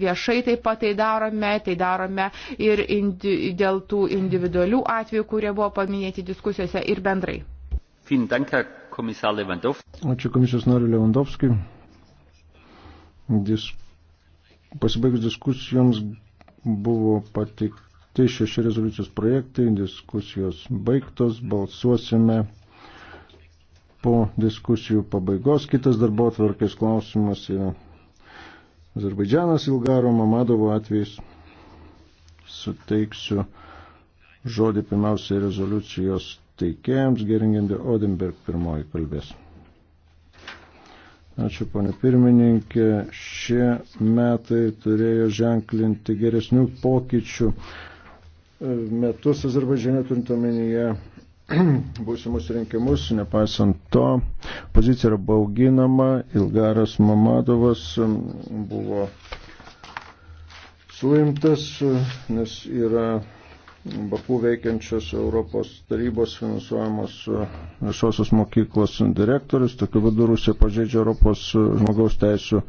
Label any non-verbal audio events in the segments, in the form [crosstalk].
Viešai taip pat tai darome, tai darome ir indi, dėl tų individualių atvejų, kurie buvo paminėti diskusijose ir bendrai. Ačiū komisijos nariu Levandovskui. Dis... Pasibaigus diskusijoms buvo pateikti šeši rezoliucijos projektai, diskusijos baigtos, balsuosime po diskusijų pabaigos. Kitas darbo atvarkės klausimas yra. Azerbaidžianas Ilgaro Mamadovo atvejais. Suteiksiu žodį pirmiausiai rezoliucijos teikėjams, Geringende Odenberg pirmoji kalbės. Ačiū, ponė pirmininkė. Šie metai turėjo ženklinti geresnių pokyčių e, metus Azerbaidžiane turint omenyje [clears throat] būsimus rinkimus, nepaisant to, pozicija yra bauginama, Ilgaras Mamadovas um, buvo suimtas, nes yra Baku veikiančios Europos tarybos finansuojamos uh, viešosios mokyklos direktorius, tokiu būdu Rusija pažeidžia Europos uh, žmogaus teisų,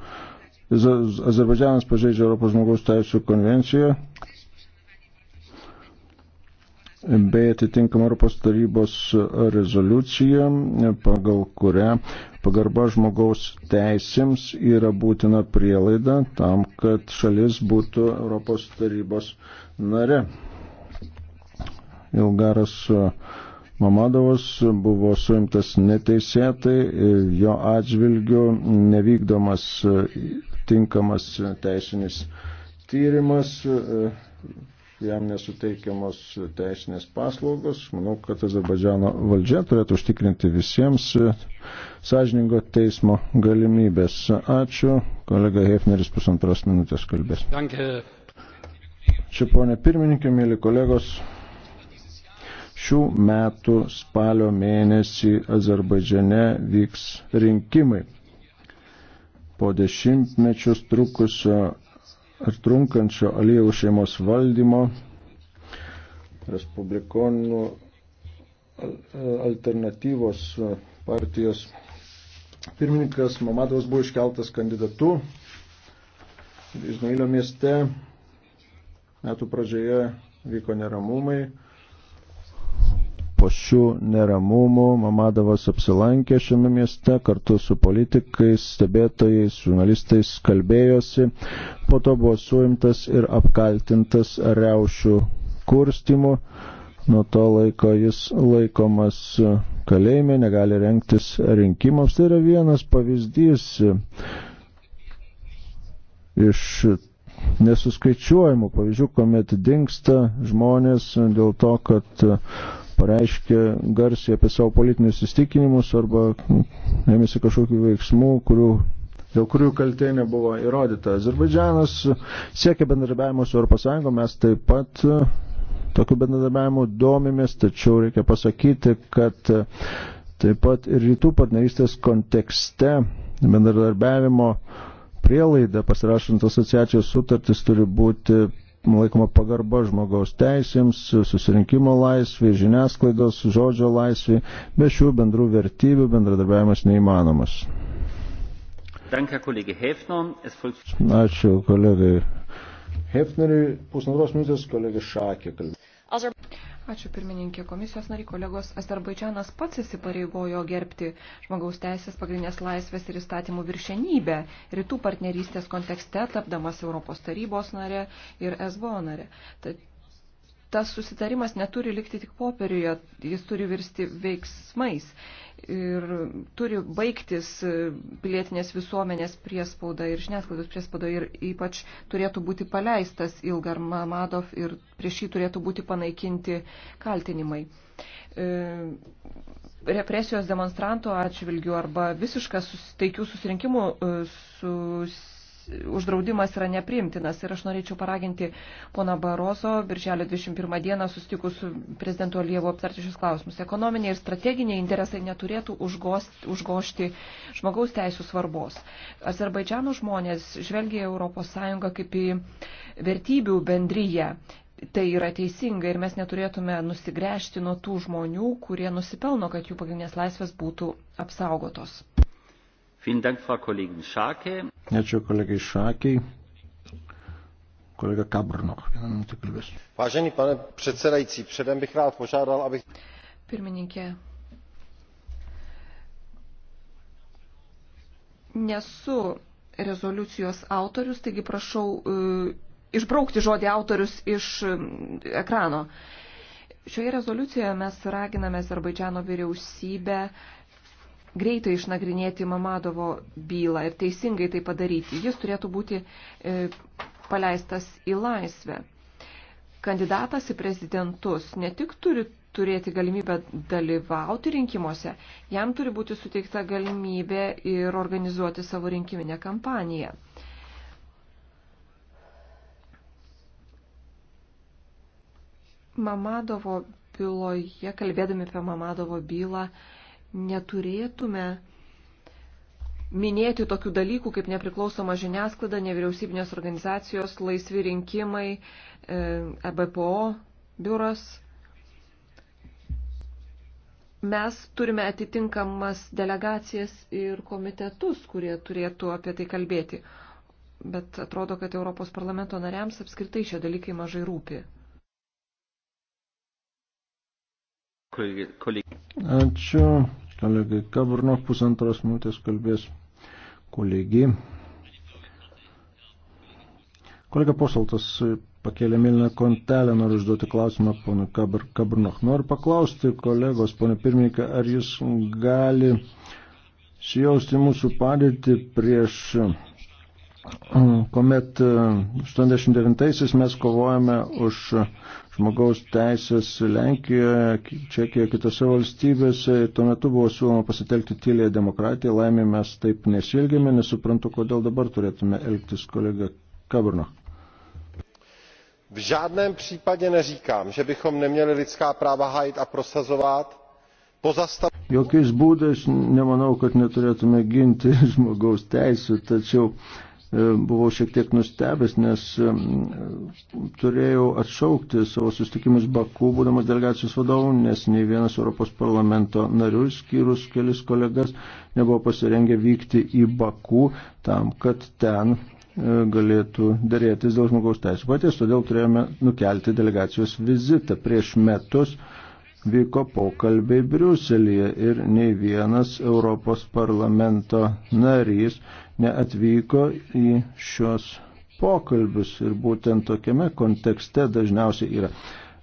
Azerbaidžianas pažeidžia Europos žmogaus teisų konvenciją, bei atitinkama Europos tarybos rezoliucija, pagal kurią pagarba žmogaus teisėms yra būtina prielaida tam, kad šalis būtų Europos tarybos nare. Ilgaras Mamadovas buvo suimtas neteisėtai, jo atžvilgiu nevykdomas tinkamas teisinis tyrimas jam nesuteikiamos teisinės paslaugos. Manau, kad Azerbaidžiano valdžia turėtų užtikrinti visiems sąžiningo teismo galimybės. Ačiū. Kolega Hefneris pusantros minutės kalbės. Danke. Čia ponė pirmininkė, mėly kolegos. Šių metų spalio mėnesį Azerbaidžiane vyks rinkimai po dešimtmečius trukusio ir trunkančio Alijevų šeimos valdymo, respublikonų e, alternatyvos partijos pirmininkas Mamadovas buvo iškeltas kandidatu Izmailio mieste. Metų pradžioje vyko neramumai po šių neramumų Mamadovas apsilankė šiame mieste kartu su politikais, stebėtojais, žurnalistais kalbėjosi, po to buvo suimtas ir apkaltintas reušių kurstimu. Nuo to laiko jis laikomas kalėjime, negali renktis rinkimams. Tai yra vienas pavyzdys iš nesuskaičiuojamų pavyzdžių, kuomet dinksta žmonės dėl to, kad pareiškė garsiai apie savo politinius įstikinimus arba ėmėsi kažkokių veiksmų, kurių, dėl kurių kaltė nebuvo įrodyta. Azerbaidžianas siekia bendradarbiavimo su ES, mes taip pat tokiu bendradarbiavimu domimės, tačiau reikia pasakyti, kad taip pat ir rytų partnerystės kontekste bendradarbiavimo prielaida pasirašant asociacijos sutartis turi būti laikoma pagarba žmogaus teisėms, susirinkimo laisvė, žiniasklaidos, žodžio laisvė. Be šių bendrų vertybių bendradarbiavimas neįmanomas. Ačiū kolegai Hefneriui. Pusantros minutės kolegė Šakė kalbėjo. Ačiū pirmininkė komisijos nariai kolegos. Azerbaidžianas pats įsipareigojo gerbti žmogaus teisės, pagrindinės laisvės ir įstatymų viršenybę rytų partnerystės kontekste, tapdamas Europos tarybos nare ir SBO nare. Tad tas susitarimas neturi likti tik popieriuje, jis turi virsti veiksmais ir turi baigtis pilietinės visuomenės priespauda ir žiniasklaidos priespauda ir ypač turėtų būti paleistas Ilgar Mamadov ir prieš jį turėtų būti panaikinti kaltinimai. E, represijos demonstrantų atžvilgių arba visiškas taikių susirinkimų e, sus uždraudimas yra nepriimtinas. Ir aš norėčiau paraginti pona Baroso, birželio 21 dieną susitikus su prezidentu Alievu aptarti šios klausimus. Ekonominiai ir strateginiai interesai neturėtų užgosti, užgošti žmogaus teisų svarbos. Azerbaidžiano žmonės žvelgia Europos Sąjungą kaip į vertybių bendryje tai yra teisinga ir mes neturėtume nusigręžti nuo tų žmonių, kurie nusipelno, kad jų pagrindinės laisvės būtų apsaugotos. Ačiū kolegai Šakiai. Kolega Kabrnoch, vieną minutę kalbės. Vážený pane předsedající, předem bych rád požádal, abych... Pirmininkė, nesu rezoliucijos autorius, taigi prašau uh, išbraukti žodį autorius iš uh, ekrano. Šioje rezoliucijoje mes raginame Azerbaidžiano vyriausybę uh, greitai išnagrinėti Mamadovo bylą ir teisingai tai padaryti. Jis turėtų būti e, paleistas į laisvę. Kandidatas į prezidentus ne tik turi turėti galimybę dalyvauti rinkimuose, jam turi būti suteikta galimybė ir organizuoti savo rinkiminę kampaniją. Mamadovo byloje, kalbėdami apie Mamadovo bylą, e, neturėtume minėti tokių dalykų kaip nepriklausoma žiniasklaida, nevyriausybinės organizacijos, laisvi rinkimai, EBPO e biuras. Mes turime atitinkamas delegacijas ir komitetus, kurie turėtų apie tai kalbėti. Bet atrodo, kad Europos parlamento nariams apskritai šie dalykai mažai rūpi. Ačiū kolegai Kabrnov, pusantros minutės kalbės kolegijai. Kolega Posaltas pakėlė mėlyną kontelę, noriu užduoti klausimą ponui Kabr, Kabrnoch. Noriu paklausti kolegos, ponė pirmininkė, ar jis gali sijausti mūsų padėtį prieš, kuomet 89-aisiais mes kovojame už žmogaus teisės Lenkijoje, Čekijoje, kitose valstybėse. Tuo metu buvo siūloma pasitelkti tylėje demokratiją. Laimė mes taip nesilgėme, nesuprantu, kodėl dabar turėtume elgtis kolega Kabrno. V žádném případě neříkám, že bychom neměli lidská práva hájit a prosazovat. Pozastav... Jokiais būdais nemanau, kad neturėtume ginti [laughs] žmogaus teisų, tačiau uh, E, buvau šiek tiek nustebęs, nes e, turėjau atšaukti savo sustikimus Baku, būdamas delegacijos vadovu, nes nei vienas Europos parlamento narių, skyrus kelis kolegas, nebuvo pasirengę vykti į Baku tam, kad ten e, galėtų dėrėtis dėl žmogaus teisų paties, todėl turėjome nukelti delegacijos vizitą prieš metus vyko pokalbiai Briuselėje ir nei vienas Europos parlamento narys neatvyko į šios pokalbius ir būtent tokiame kontekste dažniausiai yra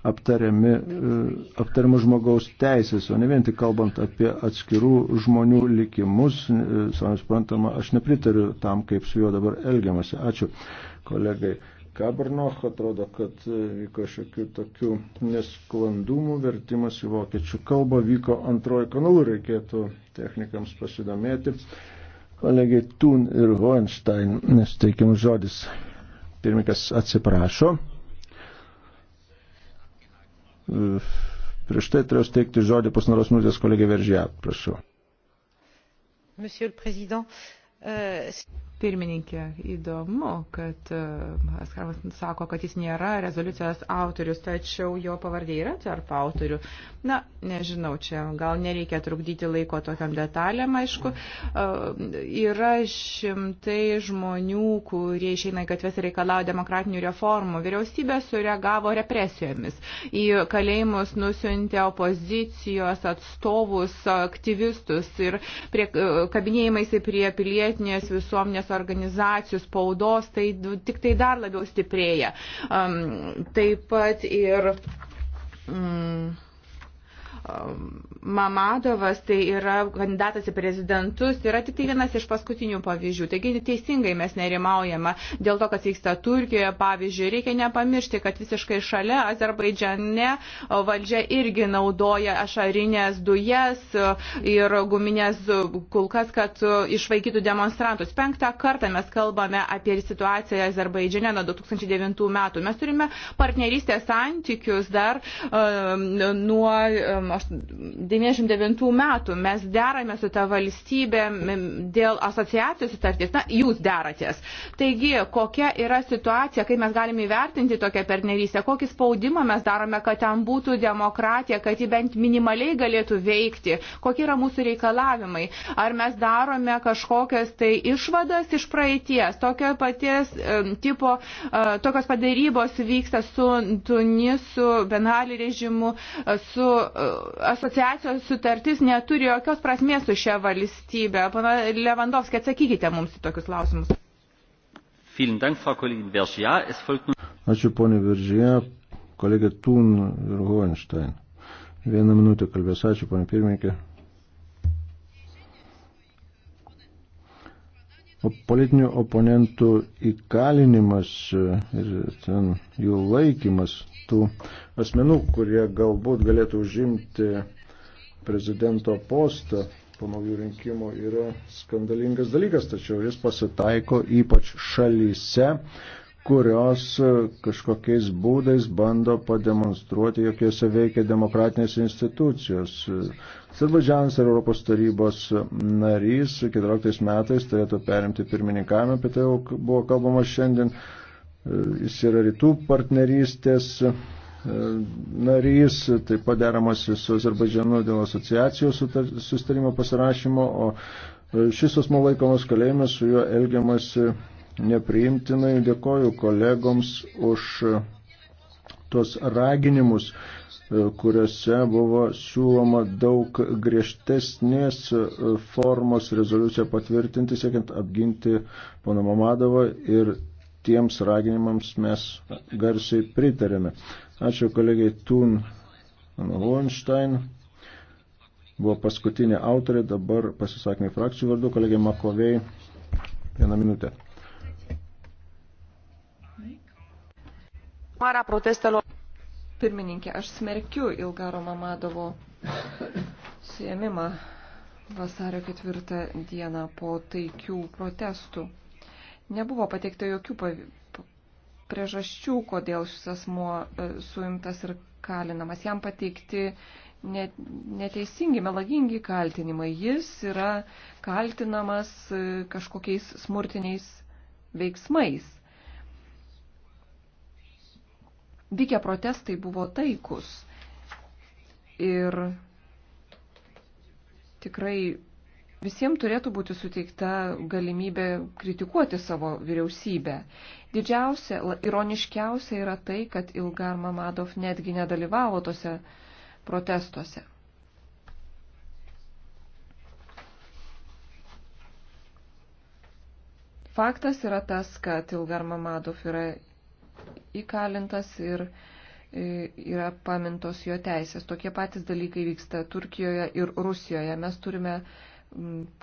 aptariami, e, aptariami žmogaus teisės, o ne vien tik kalbant apie atskirų žmonių likimus, e, savai suprantama, aš nepritariu tam, kaip su juo dabar elgiamasi. Ačiū kolegai. Kabarnoch, atrodo, kad e, vyko šiokių tokių nesklandumų, vertimas į vokiečių kalbą vyko antroji kanalų, reikėtų technikams pasidomėti. Kolegiai Thun ir Hohenstein, nes teikiam žodis. Pirmikas atsiprašo. E, prieš tai turėjau steigti žodį pusnaros minutės kolegė Veržė, prašau. Monsieur le Président, euh... Pirmininkė, įdomu, kad e, Askarvas sako, kad jis nėra rezoliucijos autorius, tačiau jo pavardė yra tarp autorių. Na, nežinau, čia gal nereikia trukdyti laiko tokiam detalėm, aišku. E, yra šimtai žmonių, kurie išeina į gatves ir reikalauja demokratinių reformų. Vyriausybė sureagavo represijomis. Į kalėjimus nusiuntė opozicijos atstovus, aktyvistus ir prie, e, kabinėjimais prie pilietinės visuomenės organizacijų, spaudos, tai tik tai dar labiau stiprėja. Um, taip pat ir. Um, Mamadovas, tai yra kandidatas į prezidentus, tai yra tik tai vienas iš paskutinių pavyzdžių. Taigi teisingai mes nerimaujame dėl to, kas vyksta Turkijoje, pavyzdžiui, reikia nepamiršti, kad visiškai šalia Azerbaidžiane valdžia irgi naudoja ašarinės dujas ir guminės kulkas, kad išvaikytų demonstrantus. Penktą kartą mes kalbame apie situaciją Azerbaidžiane nuo 2009 metų. Mes turime partnerystės santykius dar um, nuo um, 99 metų mes derame su ta valstybė dėl asociacijos sutarties. Na, jūs deratės. Taigi, kokia yra situacija, kaip mes galime įvertinti tokią partnerystę, kokį spaudimą mes darome, kad ten būtų demokratija, kad ji bent minimaliai galėtų veikti, kokie yra mūsų reikalavimai. Ar mes darome kažkokias tai išvadas iš praeities, tokio paties e, tipo, e, tokios padarybos vyksta su Tunisu, Benali režimu, e, su asociacijos sutartis neturi jokios prasmės su šia valstybė. Pana Levandovskė, atsakykite mums į tokius klausimus. Ačiū ponė Viržyje, kolegė Tun ir Hohenstein. Vieną minutę kalbės. Ačiū ponė pirmininkė. politinių oponentų įkalinimas ir ten jų laikymas tų asmenų, kurie galbūt galėtų užimti prezidento postą po naujų rinkimų yra skandalingas dalykas, tačiau jis pasitaiko ypač šalyse, kurios kažkokiais būdais bando pademonstruoti, jog jose veikia demokratinės institucijos. Sirbaidžianas ir Europos tarybos narys 14 metais turėtų perimti pirmininkavimą, apie tai jau buvo kalbama šiandien. E, jis yra rytų partnerystės e, narys, taip pat deramasi su Azerbaidžianu dėl asociacijos sustarimo pasirašymo, o e, šis asmo laikomas kalėjime, su juo elgiamasi nepriimtinai. Dėkoju kolegoms už tos raginimus, kuriuose buvo siūloma daug griežtesnės formos rezoliuciją patvirtinti, siekiant apginti poną Mamadovą ir tiems raginimams mes garsiai pritarėme. Ačiū kolegiai Tun Hohenstein. Buvo paskutinė autorė, dabar pasisakymai frakcijų vardu, kolegiai Makovei. Vieną minutę. Mara protestelo. Pirmininkė, aš smerkiu Ilgaro Mamadovo suėmimą vasario ketvirtą dieną po taikių protestų. Nebuvo pateikta jokių priežasčių, kodėl šis asmuo e, suimtas ir kalinamas. Jam pateikti neteisingi, melagingi kaltinimai. Jis yra kaltinamas e, kažkokiais smurtiniais veiksmais. Vykę protestai buvo taikus ir tikrai Visiems turėtų būti suteikta galimybė kritikuoti savo vyriausybę. Didžiausia, ironiškiausia yra tai, kad Ilgar Mamadov netgi nedalyvavo tose protestuose. Faktas yra tas, kad Ilgar Mamadov yra įkalintas ir e, yra pamintos jo teisės. Tokie patys dalykai vyksta Turkijoje ir Rusijoje. Mes turime uh,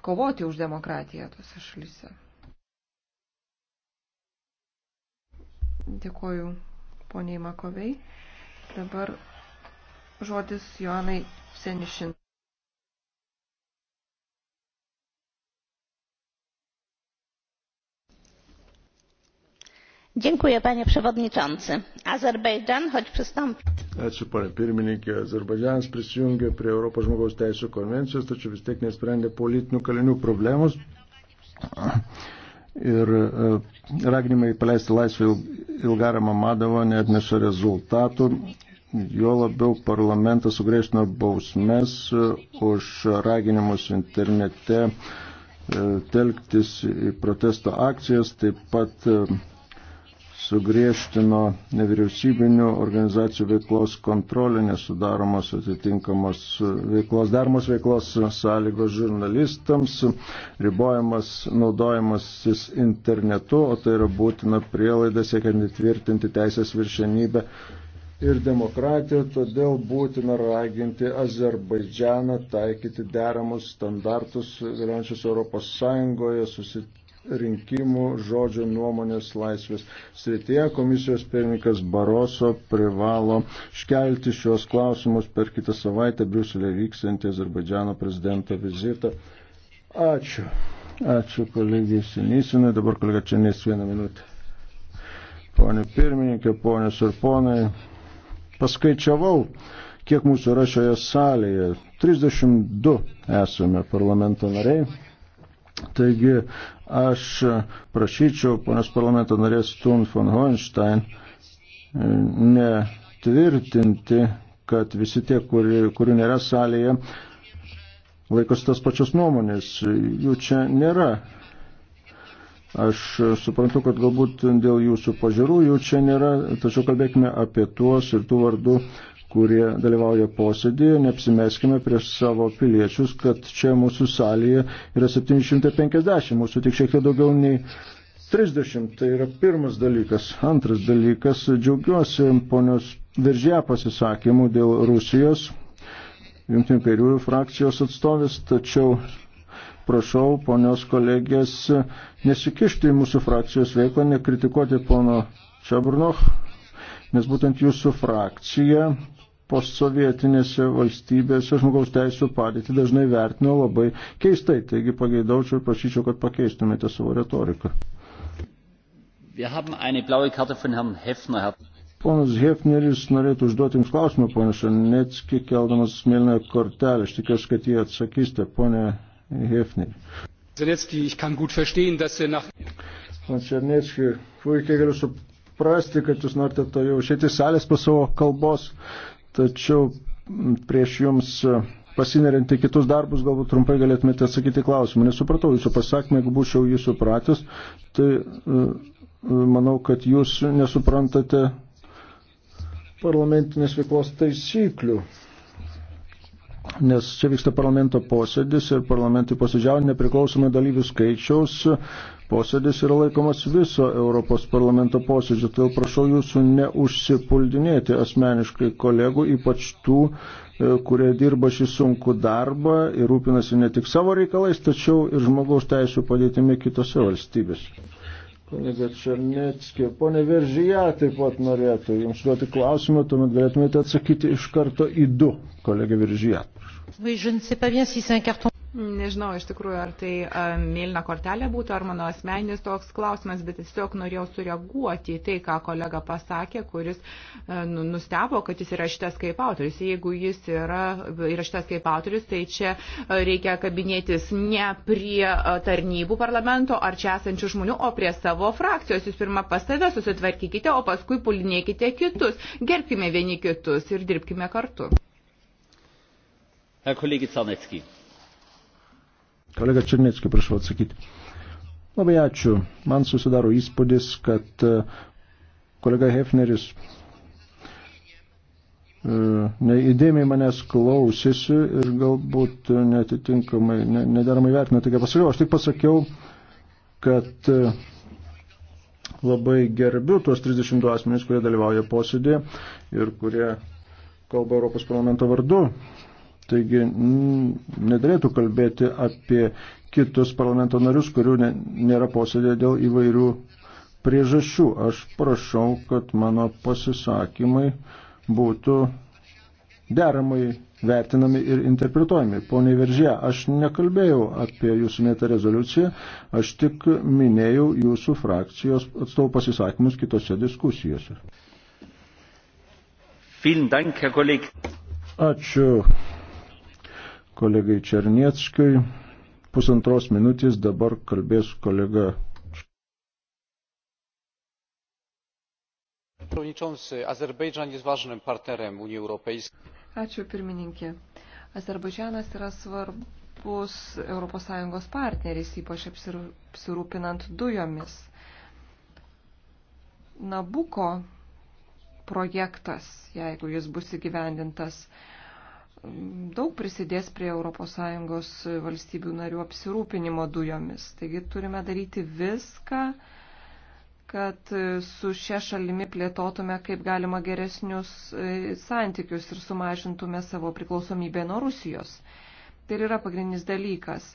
kovoti už demokratiją tose šalyse. Dėkuoju poniai Makovei. Dabar žodis Joanai Senišin. Dziękuję, panie przewodniczący. Azerbejdżan, choć przystąpił. Ačiū, pane pirmininkė. Azerbaidžianas prisijungė prie Europos žmogaus teisų konvencijos, tačiau vis tiek nesprendė politinių kalinių problemos ir e, raginimai paleisti laisvę Ilgarą Mamadovą neatneša rezultatų. Jo labiau parlamentas sugrėžino bausmes e, už raginimus internete e, telktis į protesto akcijas, taip pat sugriežtino nevyriausybinių organizacijų veiklos kontrolę, nesudaromos atitinkamos veiklos, daromos veiklos sąlygos žurnalistams, ribojamas naudojimasis internetu, o tai yra būtina prielaida siekiant įtvirtinti teisės viršenybę ir demokratiją, todėl būtina raginti Azerbaidžianą taikyti deramus standartus, galiojančius Europos Sąjungoje, susitikti rinkimų žodžio nuomonės laisvės srityje. Komisijos pirmininkas Baroso privalo iškelti šios klausimus per kitą savaitę Briuselėje vyksantį Azerbaidžiano prezidento vizitą. Ačiū. Ačiū kolegijai Sinisinai. Dabar kolega Čenės vieną minutę. Pone pirmininkė, ponės ir ponai, paskaičiavau, kiek mūsų yra šioje salėje. 32 esame parlamento nariai. Taigi aš prašyčiau ponas parlamento narės Tun von Hohenstein e, netvirtinti, kad visi tie, kuri, kurių nėra salėje, laikosi tas pačios nuomonės. Jų čia nėra. Aš suprantu, kad galbūt dėl jūsų pažiūrų jų čia nėra, tačiau kalbėkime apie tuos ir tų vardų, kurie dalyvauja posėdėje, neapsimeskime prieš savo piliečius, kad čia mūsų salėje yra 750, mūsų tik šiek tiek daugiau nei 30. Tai yra pirmas dalykas. Antras dalykas, džiaugiuosi ponios Veržė pasisakymų dėl Rusijos, Junktinių kairiųjų frakcijos atstovės, tačiau prašau ponios kolegės nesikišti į mūsų frakcijos veiklą, nekritikuoti pono Čaburnoch, nes būtent jūsų frakcija postsovietinėse valstybėse žmogaus teisų padėtį dažnai vertino labai keistai. Taigi pageidaučiau ir prašyčiau, kad pakeistumėte savo retoriką. Ponas Hefneris norėtų užduoti Jums klausimą, ponė Šanecki, keldamas mėlyną kortelę. Aš tikiuosi, kad jį atsakysite, ponė Hefneri. Zanetski, ich kann gut verstehen, dass er nach... Pan Černecki, puikiai galiu suprasti, kad jūs norite to jau išėti salės po savo kalbos, Tačiau prieš jums e, pasinerinti kitus darbus, galbūt trumpai galėtumėte atsakyti klausimą. Nesupratau jūsų pasakymą, jeigu būčiau jūsų pratęs, tai e, e, manau, kad jūs nesuprantate parlamentinės veiklos taisyklių nes čia vyksta parlamento posėdis ir parlamentai posėdžiauja nepriklausomai dalyvių skaičiaus. Posėdis yra laikomas viso Europos parlamento posėdžio, todėl prašau jūsų neužsipuldinėti asmeniškai kolegų, ypač tų, e, kurie dirba šį sunkų darbą ir rūpinasi ne tik savo reikalais, tačiau ir žmogaus teisų padėtimi kitose valstybėse. Kuniga Černeckė, ponė Veržyje taip pat norėtų jums duoti klausimą, tuomet galėtumėte atsakyti iš karto į du, kolegė Veržyje. Oui, je ne sais pas bien si c'est un carton. Nežinau, iš tikrųjų, ar tai a, mėlyna kortelė būtų, ar mano asmeninis toks klausimas, bet tiesiog norėjau sureaguoti į tai, ką kolega pasakė, kuris a, nu, nustebo, kad jis yra šitas kaip autorius. Jeigu jis yra, yra šitas kaip autorius, tai čia a, reikia kabinėtis ne prie a, tarnybų parlamento ar čia esančių žmonių, o prie savo frakcijos. Jūs pirmą pas save susitvarkykite, o paskui pulinėkite kitus. Gerbkime vieni kitus ir dirbkime kartu. Herr Kollege Zarnecki. Kolega Černiecki, prašau atsakyti. Labai ačiū. Man susidaro įspūdis, kad e, kolega Hefneris e, neįdėmiai manęs klausėsi ir galbūt netitinkamai, nederamai vertina tai, ką pasakiau. Aš tik pasakiau, kad e, labai gerbiu tuos 32 asmenys, kurie dalyvauja posėdėje ir kurie kalba Europos parlamento vardu. Taigi nedarėtų kalbėti apie kitus parlamento narius, kurių nėra posėdė dėl įvairių priežasčių. Aš prašau, kad mano pasisakymai būtų deramai vertinami ir interpretuojami. Pone Veržė, aš nekalbėjau apie jūsų netą rezoliuciją, aš tik minėjau jūsų frakcijos atstovų pasisakymus kitose diskusijose. Dank, Ačiū, kolegai Černieckiui. Pusantros minutės dabar kalbės kolega. Ačiū pirmininkė. Azerbaidžianas yra svarbus ES partneris, ypač apsirūpinant dujomis. Nabuko projektas, jeigu jis bus įgyvendintas, daug prisidės prie ES valstybių narių apsirūpinimo dujomis. Taigi turime daryti viską, kad su šia šalimi plėtotume kaip galima geresnius e, santykius ir sumažintume savo priklausomybę nuo Rusijos. Tai yra pagrindinis dalykas.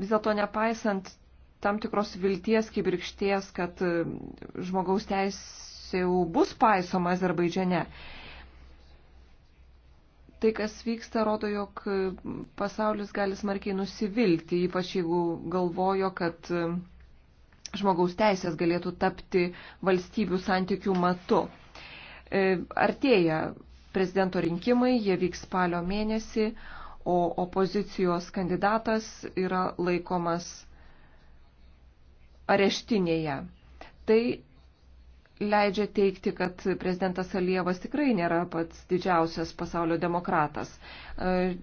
Vis dėlto nepaisant tam tikros vilties kibirkšties, kad e, žmogaus teisė jau bus paisoma Azerbaidžiane, tai, kas vyksta, rodo, jog pasaulis gali smarkiai nusivilti, ypač jeigu galvojo, kad e, žmogaus teisės galėtų tapti valstybių santykių matu. E, artėja prezidento rinkimai, jie vyks spalio mėnesį, o opozicijos kandidatas yra laikomas areštinėje. Tai leidžia teikti, kad prezidentas Alievas tikrai nėra pats didžiausias pasaulio demokratas. E,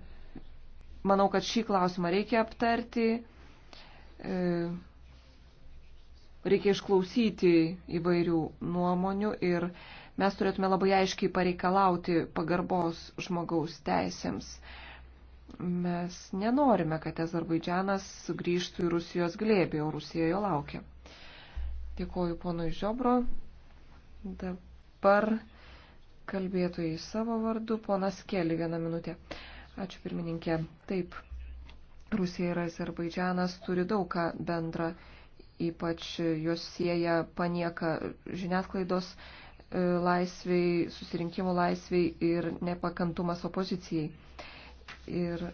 manau, kad šį klausimą reikia aptarti, e, reikia išklausyti įvairių nuomonių ir mes turėtume labai aiškiai pareikalauti pagarbos žmogaus teisėms. Mes nenorime, kad Azerbaidžianas sugrįžtų į Rusijos glėbį, o Rusija jo laukia. Dėkoju ponui Žiobro. Dabar kalbėtojai savo vardu, ponas Keli, vieną minutę. Ačiū pirmininkė. Taip, Rusija ir Azerbaidžianas turi daug ką bendra, ypač juos sieja panieka žiniasklaidos e, laisviai, susirinkimų laisviai ir nepakantumas opozicijai. Ir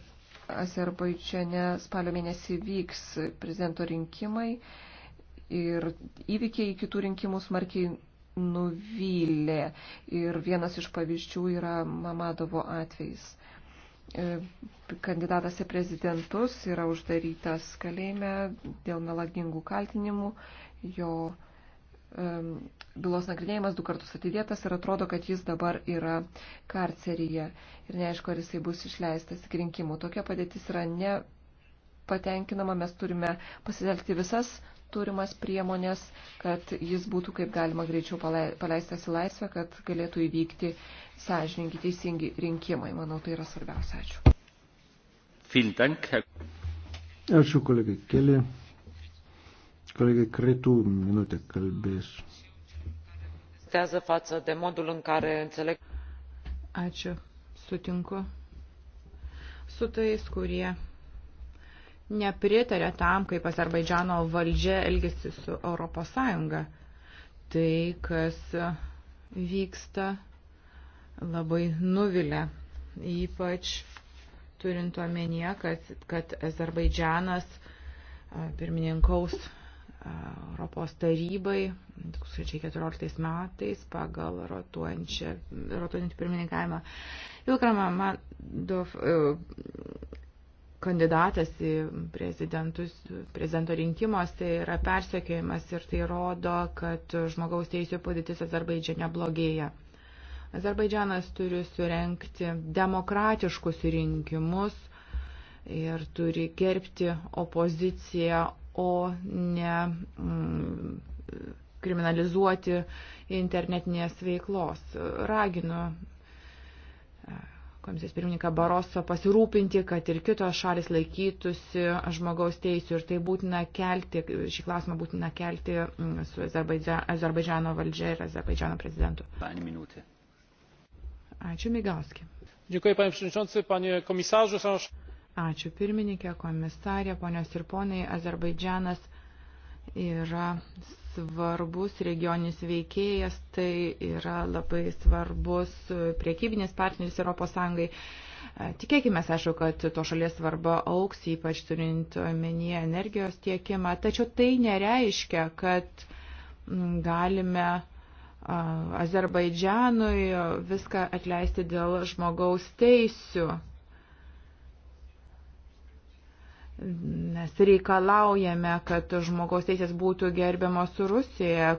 Azerbaidžiane spalio mėnesį vyks prezidento rinkimai ir įvykiai kitų rinkimų smarkiai nuvylė. Ir vienas iš pavyzdžių yra Mamadovo atvejis. E, kandidatas į prezidentus yra uždarytas kalėjime dėl melagingų kaltinimų. Jo bylos nagrinėjimas du kartus atidėtas ir atrodo, kad jis dabar yra karceryje ir neaišku, ar jisai bus išleistas iki rinkimų. Tokia padėtis yra nepatenkinama, mes turime pasitelkti visas turimas priemonės, kad jis būtų kaip galima greičiau paleistas į laisvę, kad galėtų įvykti sąžininkai teisingi rinkimai. Manau, tai yra svarbiausia. Ačiū. Ačiū kolegai Kelė. Kolegai Kretų minutę kalbės. Ačiū. Sutinku su tais, kurie nepritarė tam, kaip Azerbaidžiano valdžia elgesi su ES. Tai, kas vyksta, labai nuvilia, ypač turint omenyje, kad, kad Azerbaidžianas pirmininkaus Europos tarybai 2014 metais pagal rotuojantį pirmininkavimą. Ilkramą Madov kandidatas į prezidentus, prezidento rinkimuose yra persekiojimas ir tai rodo, kad žmogaus teisų padėtis Azerbaidžiane blogėja. Azerbaidžianas turi surenkti demokratiškus rinkimus ir turi gerbti opoziciją, o ne mm, kriminalizuoti internetinės veiklos. Raginu komisijos pirmininką Baroso pasirūpinti, kad ir kitos šalis laikytųsi žmogaus teisų ir tai būtina kelti, šį klausimą būtina kelti mm, su Azerbaidžiano valdžia ir Azerbaidžiano prezidentu. Ačiū Migalski. Dziękuję panie przewodniczący, panie komisarzu. Ačiū pirmininkė, komisarė, ponios ir ponai, Azerbaidžianas yra svarbus regioninis veikėjas, tai yra labai svarbus priekybinis partneris ES. Tikėkime, aišku, kad to šalies svarba auks, ypač turint omenyje energijos tiekimą, tačiau tai nereiškia, kad galime Azerbaidžianui viską atleisti dėl žmogaus teisių. Mes reikalaujame, kad žmogaus teisės būtų gerbiamos Rusija,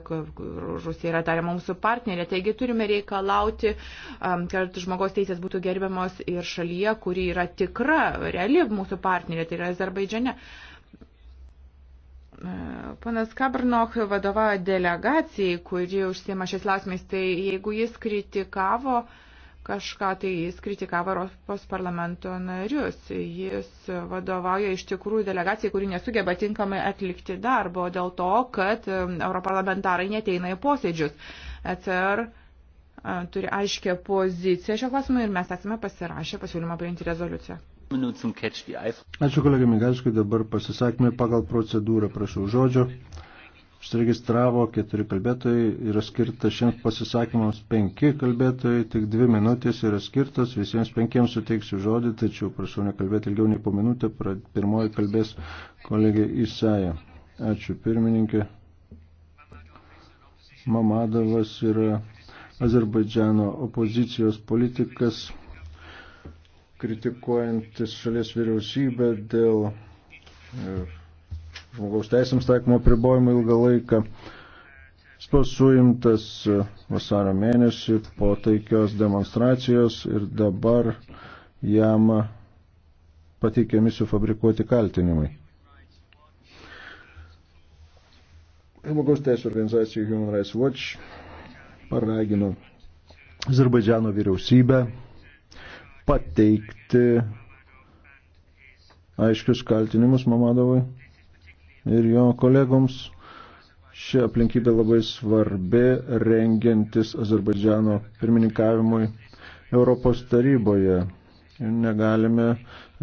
Rusija yra tariama mūsų partnerė, taigi turime reikalauti, kad žmogaus teisės būtų gerbiamos ir šalyje, kuri yra tikra, reali mūsų partnerė, tai yra Azerbaidžiane. E, Panas Kabrnoch vadovavo delegacijai, kuri užsiema šiais lasmės, tai jeigu jis kritikavo, uh, kažką, tai jis kritikavo Europos parlamento narius. Jis vadovauja iš tikrųjų delegacijai, kuri nesugeba tinkamai atlikti darbo dėl to, kad um, europarlamentarai neteina į posėdžius. ECR turi aiškę poziciją šio klausimu ir mes esame pasirašę pasiūlymą priimti rezoliuciją. Ačiū kolegai Migalskui, dabar pasisakymai pagal procedūrą, prašau žodžio užsiregistravo keturi kalbėtojai, yra skirta šiems pasisakymams penki kalbėtojai, tik dvi minutės yra skirtos, visiems penkiems suteiksiu žodį, tačiau prašau nekalbėti ilgiau nei po minutę, pirmoji kalbės kolegė Isaja. Ačiū pirmininkė. Mamadovas yra Azerbaidžiano opozicijos politikas, kritikuojantis šalies vyriausybę dėl e, žmogaus teisėms taikymo pribojimų ilgą laiką. Jis buvo suimtas vasario mėnesį po taikios demonstracijos ir dabar jam pateikiami sufabrikuoti kaltinimai. Žmogaus teisų organizacija Human Rights Watch paragino Azerbaidžiano vyriausybę pateikti aiškius kaltinimus Mamadovui ir jo kolegoms. Ši aplinkybė labai svarbi rengiantis Azerbaidžiano pirmininkavimui Europos taryboje. Negalime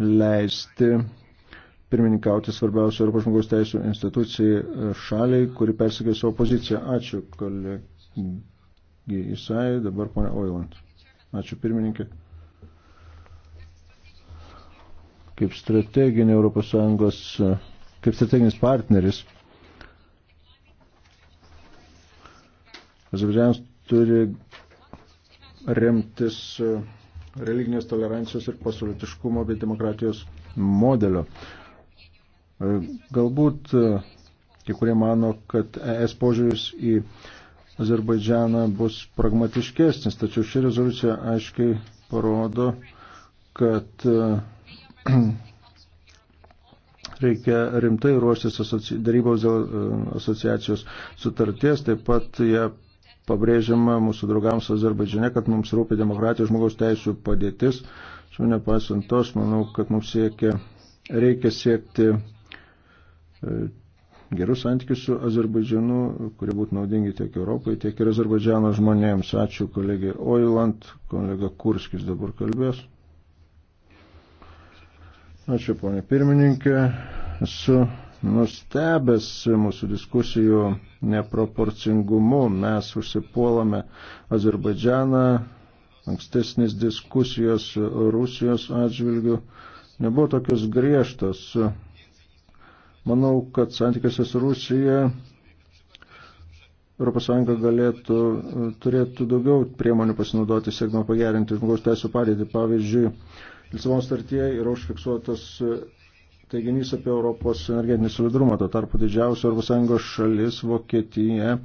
leisti pirmininkauti svarbiausią Europos žmogaus teisų institucijai šaliai, kuri persikė savo poziciją. Ačiū, kolegi Isai, dabar ponia Oiland. Ačiū, pirmininkė. Kaip strateginė Europos Sąjungos kaip strateginis partneris. Azerbaidžianas turi remtis e, religinės tolerancijos ir pasaulietiškumo bei demokratijos modelio. E, galbūt e, kai kurie mano, kad ES požiūris į Azerbaidžianą bus pragmatiškesnis, tačiau ši rezoliucija aiškiai parodo, kad [clears throat] reikia rimtai ruoštis asoci... darybos dėl e, asociacijos sutarties, taip pat ją pabrėžiama mūsų draugams Azerbaidžiane, kad mums rūpi demokratijos žmogaus teisų padėtis. Šiuo nepaisant to, aš manau, kad mums siekia, reikia siekti e, gerus santykius su Azerbaidžianu, kurie būtų naudingi tiek Europai, tiek ir Azerbaidžiano žmonėms. Ačiū kolegė Oiland, kolega Kurskis dabar kalbės. Ačiū, ponė pirmininkė. Esu nustebęs mūsų diskusijų neproporcingumu. Mes užsipuolame Azerbaidžianą, ankstesnės diskusijos Rusijos atžvilgių nebuvo tokios griežtos. Manau, kad santykiuose su Rusija ES galėtų, turėtų daugiau priemonių pasinaudoti, siekdama pagerinti žmogaus teisų padėtį. Pavyzdžiui, Lisabono startyje yra užfiksuotas e, teiginys apie Europos energetinį solidarumą. Tuo tarpu didžiausia Europos Sąjungos šalis Vokietija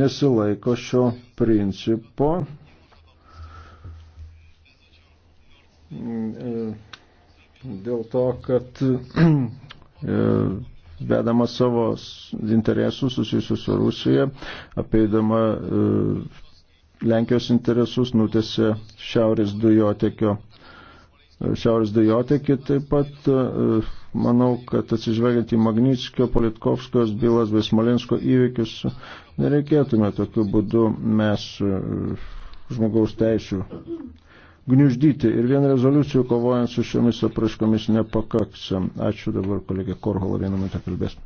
nesilaiko šio principo. Mm, e, dėl to, kad [clears throat] e, vedama savo interesus susijusius su Rusija, apeidama Lenkijos interesus nutėsi šiaurės dujotekio šiaurės dujotekį. Taip pat e, manau, kad atsižvelgiant į Magnickio, Politkovskos bylas bei Smolensko įvykius, nereikėtume tokiu būdu mes e, žmogaus teisų gniuždyti. Ir vien rezoliucijų kovojant su šiomis apraškomis nepakaks. Ačiū dabar kolegė Korhola vieną minutę kalbės.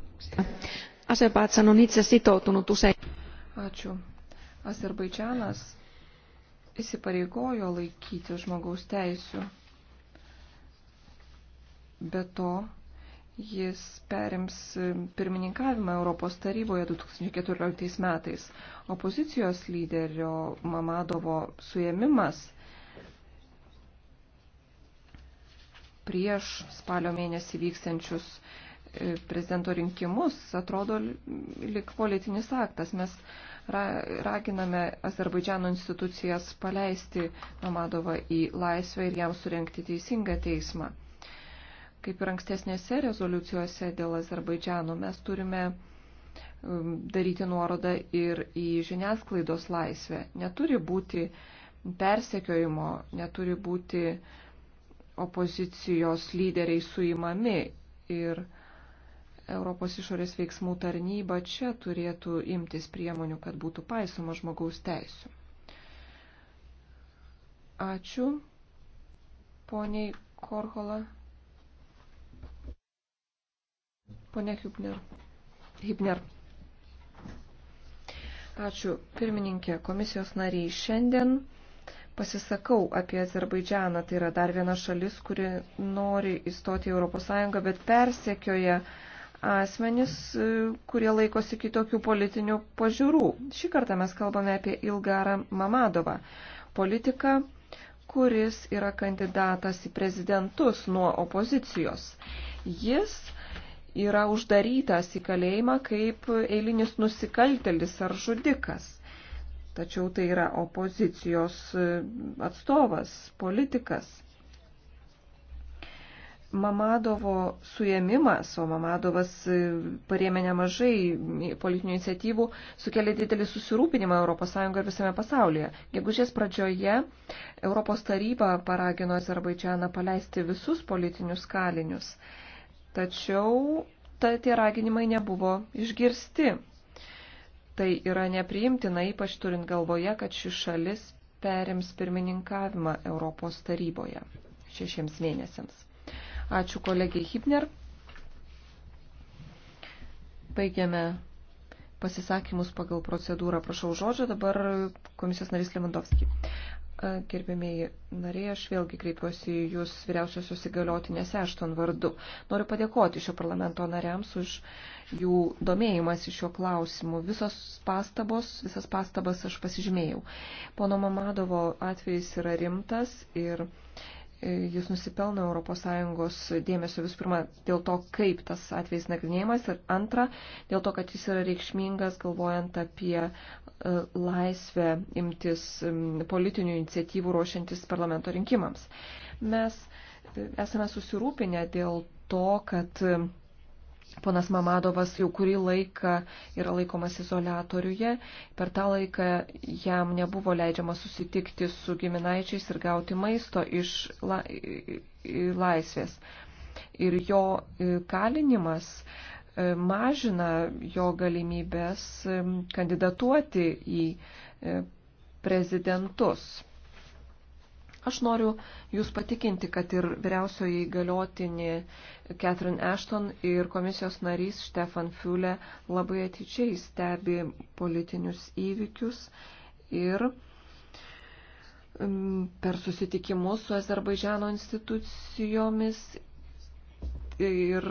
Azerbaidžan on itse sitoutunut usein. Ačiū. Azerbaidžanas įsipareigojo laikyti žmogaus teisų Be to, jis perims pirmininkavimą Europos taryboje 2014 metais. Opozicijos lyderio Mamadovo suėmimas prieš spalio mėnesį vykstančius e, prezidento rinkimus atrodo lik politinis aktas. Mes raginame Azerbaidžiano institucijas paleisti Mamadovą į laisvę ir jam surenkti teisingą teismą. Kaip ir ankstesnėse rezoliucijose dėl Azerbaidžiano, mes turime um, daryti nuorodą ir į žiniasklaidos laisvę. Neturi būti persekiojimo, neturi būti opozicijos lyderiai suimami ir Europos išorės veiksmų tarnyba čia turėtų imtis priemonių, kad būtų paisoma žmogaus teisų. Ačiū, poniai Korhola. Pone Hübner. Hübner. Ačiū pirmininkė komisijos nariai. Šiandien pasisakau apie Azerbaidžianą. Tai yra dar viena šalis, kuri nori įstoti į ES, bet persekioja asmenis, e, kurie laikosi kitokių politinių pažiūrų. Šį kartą mes kalbame apie Ilgarą Mamadovą, politiką, kuris yra kandidatas į prezidentus nuo opozicijos. Jis yra uždarytas į kalėjimą kaip eilinis nusikaltelis ar žudikas. Tačiau tai yra opozicijos e, atstovas, politikas. Mamadovo suėmimas, o Mamadovas e, parėmė nemažai politinių iniciatyvų, sukelia didelį susirūpinimą ES ir visame pasaulyje. Gegužės pradžioje Europos taryba paragino Azerbaidžianą paleisti visus politinius kalinius. Tačiau ta, tie raginimai nebuvo išgirsti. Tai yra nepriimtina, ypač turint galvoje, kad ši šalis perims pirmininkavimą Europos taryboje šešiems mėnesiams. Ačiū kolegijai Hipner. Baigiame pasisakymus pagal procedūrą. Prašau žodžio dabar komisijos narys Lewandowski. Gerbėmėjai nariai, aš vėlgi kreipiuosi į Jūs vyriausiosios įgaliotinės Ešton vardu. Noriu padėkoti šio parlamento nariams už jų domėjimas iš šio klausimu. Visos pastabos, visas pastabas aš pasižymėjau. Pono Mamadovo atvejis yra rimtas ir jis nusipelno ES dėmesio visų pirma dėl to, kaip tas atvejs nagrinėjimas ir antra, dėl to, kad jis yra reikšmingas galvojant apie e, laisvę imtis politinių iniciatyvų ruošiantis parlamento rinkimams. Mes e, esame susirūpinę dėl to, kad Ponas Mamadovas jau kurį laiką yra laikomas izolatoriuje. Per tą laiką jam nebuvo leidžiama susitikti su giminaičiais ir gauti maisto iš la, laisvės. Ir jo e, kalinimas e, mažina jo galimybės e, kandidatuoti į prezidentus. Aš noriu Jūs patikinti, kad ir vyriausioji galiotinė Catherine Ashton ir komisijos narys Stefan Fiule labai atidžiai stebi politinius įvykius ir mm, per susitikimus su Azerbaidžiano institucijomis ir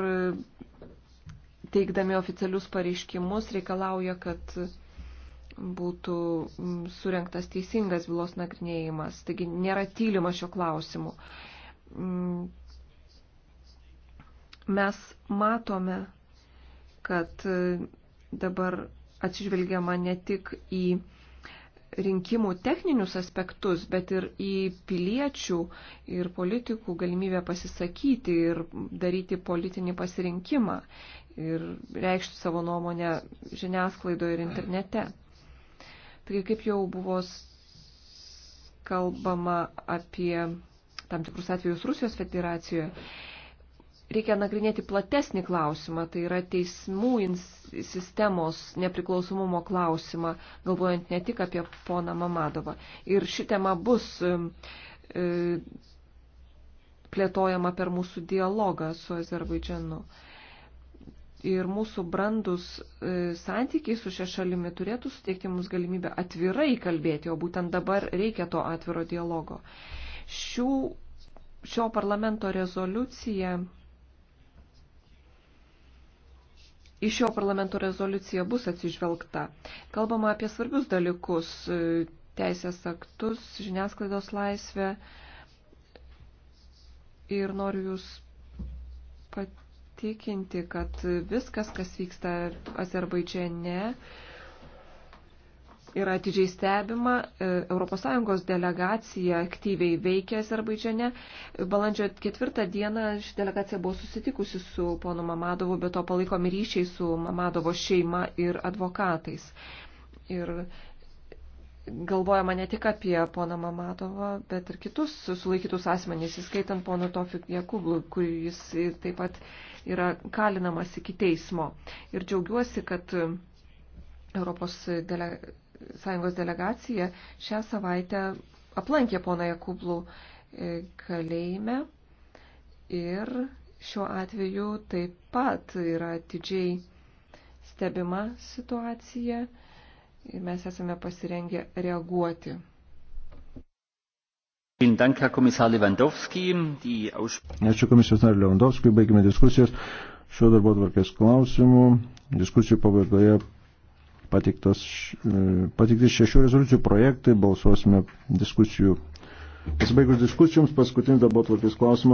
teikdami oficialius pareiškimus reikalauja, kad būtų surinktas teisingas bylos nagrinėjimas. Taigi nėra tylima šio klausimu. Mm. Mes matome, kad e, dabar atsižvelgiama ne tik į rinkimų techninius aspektus, bet ir į piliečių ir politikų galimybę pasisakyti ir daryti politinį pasirinkimą ir reikšti savo nuomonę žiniasklaidoje ir internete. Taigi, kaip jau buvo kalbama apie tam tikrus atvejus Rusijos federacijoje, reikia nagrinėti platesnį klausimą, tai yra teismų sistemos nepriklausomumo klausimą, galvojant ne tik apie poną Mamadovą. Ir ši tema bus e, plėtojama per mūsų dialogą su Azerbaidžianu ir mūsų brandus e, santykiai su šia šalimi turėtų suteikti mums galimybę atvirai kalbėti, o būtent dabar reikia to atviro dialogo. Šių, šio parlamento rezoliucija. Iš šio parlamento rezoliucija bus atsižvelgta. Kalbama apie svarbius dalykus e, - teisės aktus, žiniasklaidos laisvę. Ir noriu Jūs pat įsitikinti, kad viskas, kas vyksta Azerbaidžiane, yra atidžiai stebima. ES delegacija aktyviai veikia Azerbaidžiane. Balandžio ketvirtą dieną ši delegacija buvo susitikusi su ponu Mamadovu, bet to palaikomi ryšiai su Mamadovo šeima ir advokatais. Ir galvojama ne tik apie poną Mamatovą, bet ir kitus sulaikytus asmenys, įskaitant poną Tofik Jakublų, kuris taip pat yra kalinamas iki teismo. Ir džiaugiuosi, kad Europos dele... Sąjungos delegacija šią savaitę aplankė poną Jakublų e, kalėjime ir šiuo atveju taip pat yra atidžiai stebima situacija ir mes esame pasirengę reaguoti. Ačiū komisijos nariu Lewandowskiui, baigime diskusijas šio darbo tvarkės klausimų. Diskusijų pabaigoje e, pateikti šešių rezoliucijų projektai, balsuosime diskusijų. Pasibaigus diskusijoms, paskutinis darbo tvarkės klausimas.